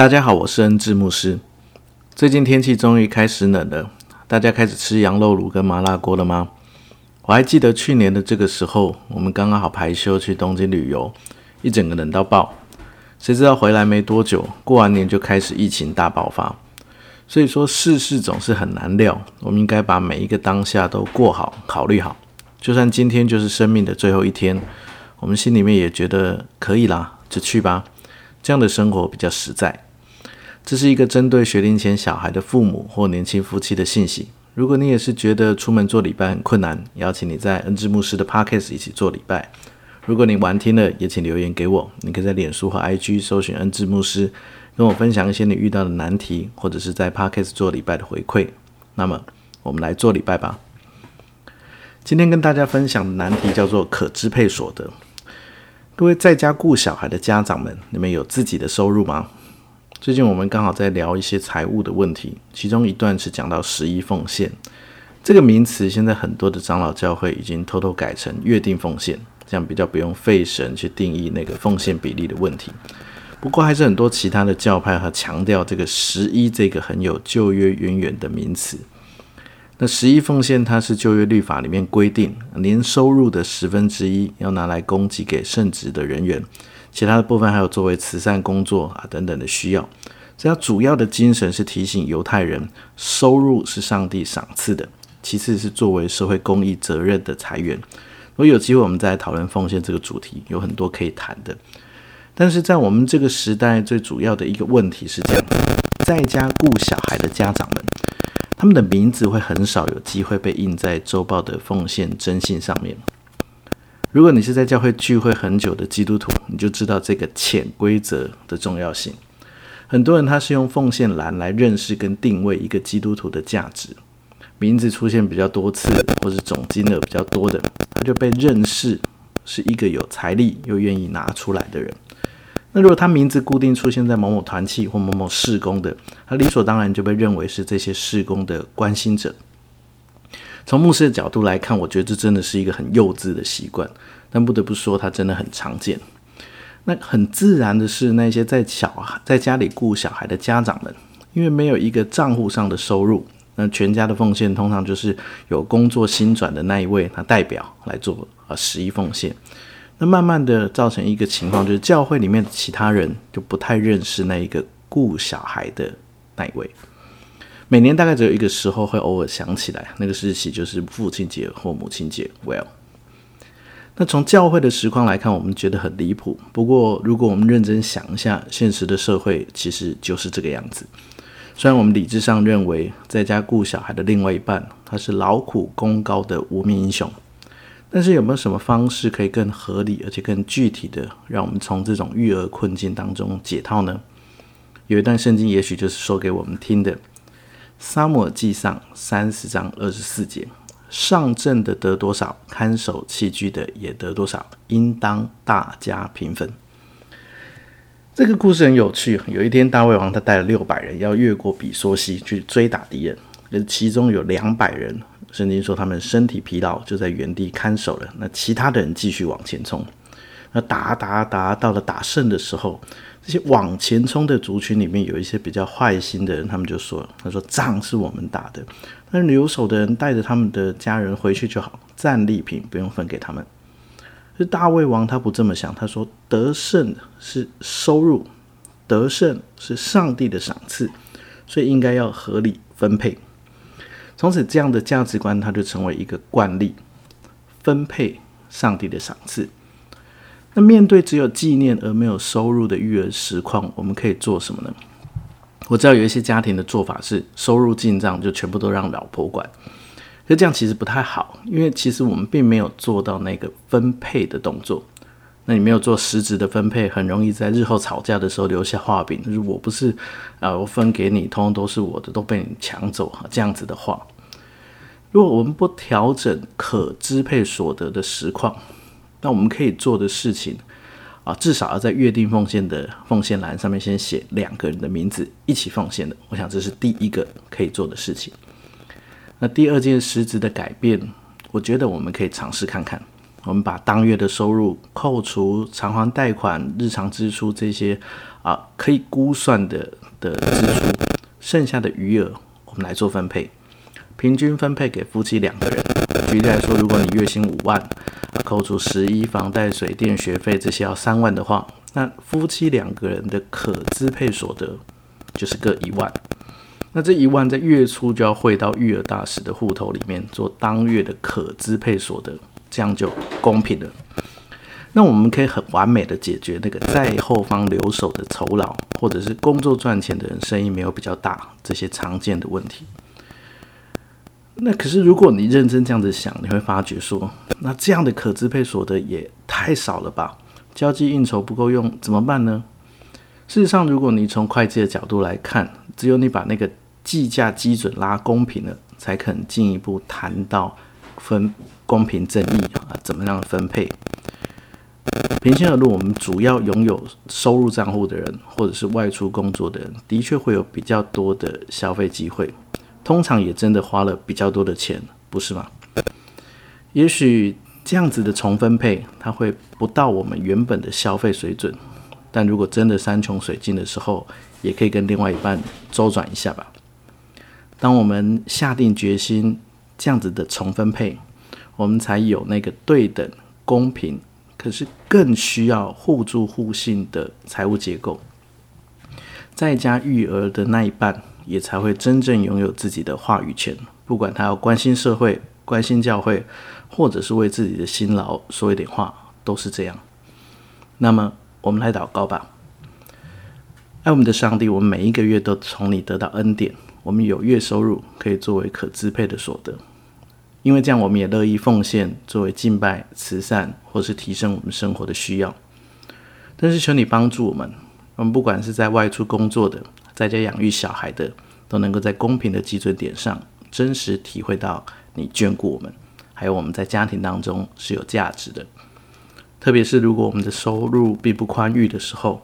大家好，我是恩智牧師。最近天氣終於開始冷了，大家開始吃羊肉爐跟麻辣鍋了嗎？我還記得去年的這個時候，我們剛剛好排休去東京旅遊，一整個冷到爆。誰知道回來沒多久，過完年就開始疫情大爆發。所以說世事總是很難料，我們應該把每一個當下都過好，考慮好。就算今天就是生命的最後一天，我們心裡面也覺得可以啦，就去吧。這樣的生活比較實在。這是一個針對學齡前小孩的父母或年輕夫妻的信息。如果你也是覺得出門做禮拜很困難，邀請你在恩智牧師的 Podcast 一起做禮拜。如果你完聽了，也請留言給我。你可以在臉書和 IG 搜尋恩智牧師，跟我分享一些你遇到的難題，或者是在 Podcast 做禮拜的回饋。那麼，我們來做禮拜吧。今天跟大家分享的難題叫做可支配所得。各位在家顧小孩的家長們，你們有自己的收入嗎？最近我們剛好在聊一些財務的問題，其中一段是講到十一奉獻這個名詞，現在很多的長老教會已經偷偷改成月定奉獻，這樣比較不用費神去定義那個奉獻比例的問題。不過還是很多其他的教派和強調這個十一這個很有舊約淵源的名詞。那十一奉獻它是舊約律法裡面規定，年收入的十分之一要拿來供給給聖職的人員。其他的部分還有作為慈善工作啊等等的需要，這要主要的精神是提醒猶太人，收入是上帝賞賜的，其次是作為社會公益責任的財源。如果有機會，我們再來討論奉獻這個主題，有很多可以談的。但是在我們這個時代，最主要的一個問題是這樣，在家顧小孩的家長們，他們的名字會很少有機會被印在周報的奉獻徵信上面。如果你是在教會聚會很久的基督徒，你就知道這個潛規則的重要性。很多人他是用奉獻欄來認識跟定位一個基督徒的價值，名字出現比較多次，或是總金額比較多的，他就被認識是一個有財力又願意拿出來的人。那如果他名字固定出現在某某團契或某某事工的，他理所當然就被認為是這些事工的關心者。從牧師的角度來看，我覺得這真的是一個很幼稚的習慣，但不得不說，它真的很常見。那很自然的是，那些在小孩在家裡顧小孩的家長們，因為沒有一個賬戶上的收入，那全家的奉獻通常就是有工作薪轉的那一位，他代表來做啊、呃，十一奉獻。那慢慢的造成一個情況，就是教會裡面其他人就不太認識那一個顧小孩的那一位。每年大概只有一個時候會偶爾想起來，那個時期就是父親節或母親節。Well，那從教會的實況來看，我們覺得很離譜。不過，如果我們認真想一下，現實的社會其實就是這個樣子。雖然我們理智上認為在家顧小孩的另外一半，他是勞苦功高的無名英雄，但是有沒有什麼方式可以更合理而且更具體的，讓我們從這種育兒困境當中解套呢？有一段聖經，也許就是說給我們聽的。撒母耳記上三十章二十四節，上陣的得多少，看守器具的也得多少，應當大家平分。這個故事很有趣。有一天，大衛王他帶了六百人要越過比梭溪去追打敵人，其中有兩百人聖經說他們身體疲勞，就在原地看守了，那其他的人繼續往前衝。那打打打到了打勝的時候，這些往前衝的族群裡面有一些比較壞心的人，他們就說：“他說仗是我們打的，那留守的人帶着他們的家人回去就好，戰利品不用分給他們。”大衛王他不這麼想，他說：“得勝是收入，得勝是上帝的賞賜，所以應該要合理分配。”從此，這樣的價值觀他就成為一個慣例：分配上帝的賞賜。那面對只有紀念而沒有收入的育兒實況，我們可以做什麼呢？我知道有一些家庭的做法是收入進賬就全部都讓老婆管，可這樣其實不太好，因為其實我們並沒有做到那個分配的動作。那你沒有做實質的分配，很容易在日後吵架的時候留下話柄。如果不是啊、呃，我分給你，通通都是我的，都被你搶走哈，這樣子的話，如果我們不調整可支配所得的實況。那我們可以做的事情啊，至少要在約定奉獻的奉獻欄上面先寫兩個人的名字，一起奉獻的。我想這是第一個可以做的事情。那第二件實質的改變，我覺得我們可以嘗試看看，我們把當月的收入扣除償還貸款、日常支出這些啊可以估算的的支出，剩下的餘額我們來做分配，平均分配給夫妻兩個人。舉例來說，如果你月薪五萬，扣除十一房貸、水電、學費這些要三萬的話，那夫妻兩個人的可支配所得就是各一萬。那這一萬在月初就要匯到育兒大使的戶頭裡面，做當月的可支配所得，這樣就公平了。那我們可以很完美的解決那個在後方留守的酬勞，或者是工作賺錢的人聲音沒有比較大這些常見的問題。那可是，如果你認真這樣子想，你會發覺說，那這樣的可支配所得也太少了吧？交際應酬不夠用，怎麼辦呢？事實上，如果你從會計的角度來看，只有你把那個計價基準拉公平了，才肯進一步談到分公平正義啊，怎麼樣的分配？平心而論，我們主要擁有收入賬戶的人，或者是外出工作的人，的確會有比較多的消費機會。通常也真的花了比較多的錢，不是嗎？也許這樣子的重分配，它會不到我們原本的消費水準，但如果真的山窮水盡的時候，也可以跟另外一半周轉一下吧。當我們下定決心這樣子的重分配，我們才有那個對等、公平，可是更需要互助互信的財務結構。在家育兒的那一半。也才會真正擁有自己的話語權。不管他要關心社會、關心教會，或者是為自己的辛勞說一點話，都是這樣。那麼，我們來禱告吧。愛我們的上帝，我們每一個月都從你得到恩典。我們有月收入可以作為可支配的所得，因為這樣我們也樂意奉獻，作為敬拜、慈善或是提升我們生活的需要。但是求你幫助我們，我們不管是在外出工作的，在家養育小孩的，都能夠在公平的基準點上，真實體會到你眷顧我們，還有我們在家庭當中是有價值的。特別是如果我們的收入並不寬裕的時候，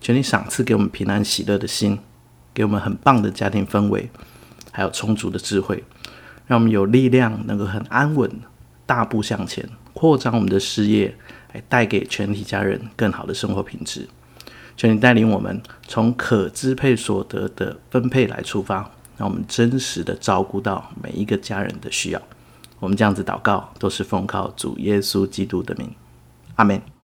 請你賞賜給我們平安喜樂的心，給我們很棒的家庭氛圍，還有充足的智慧，讓我們有力量能夠很安穩大步向前，擴張我們的事業，來帶給全體家人更好的生活品質。請你帶領我們從可支配所得的分配來出發，讓我們真實的照顧到每一個家人的需要。我們這樣子禱告，都是奉靠主耶穌基督的名。阿門。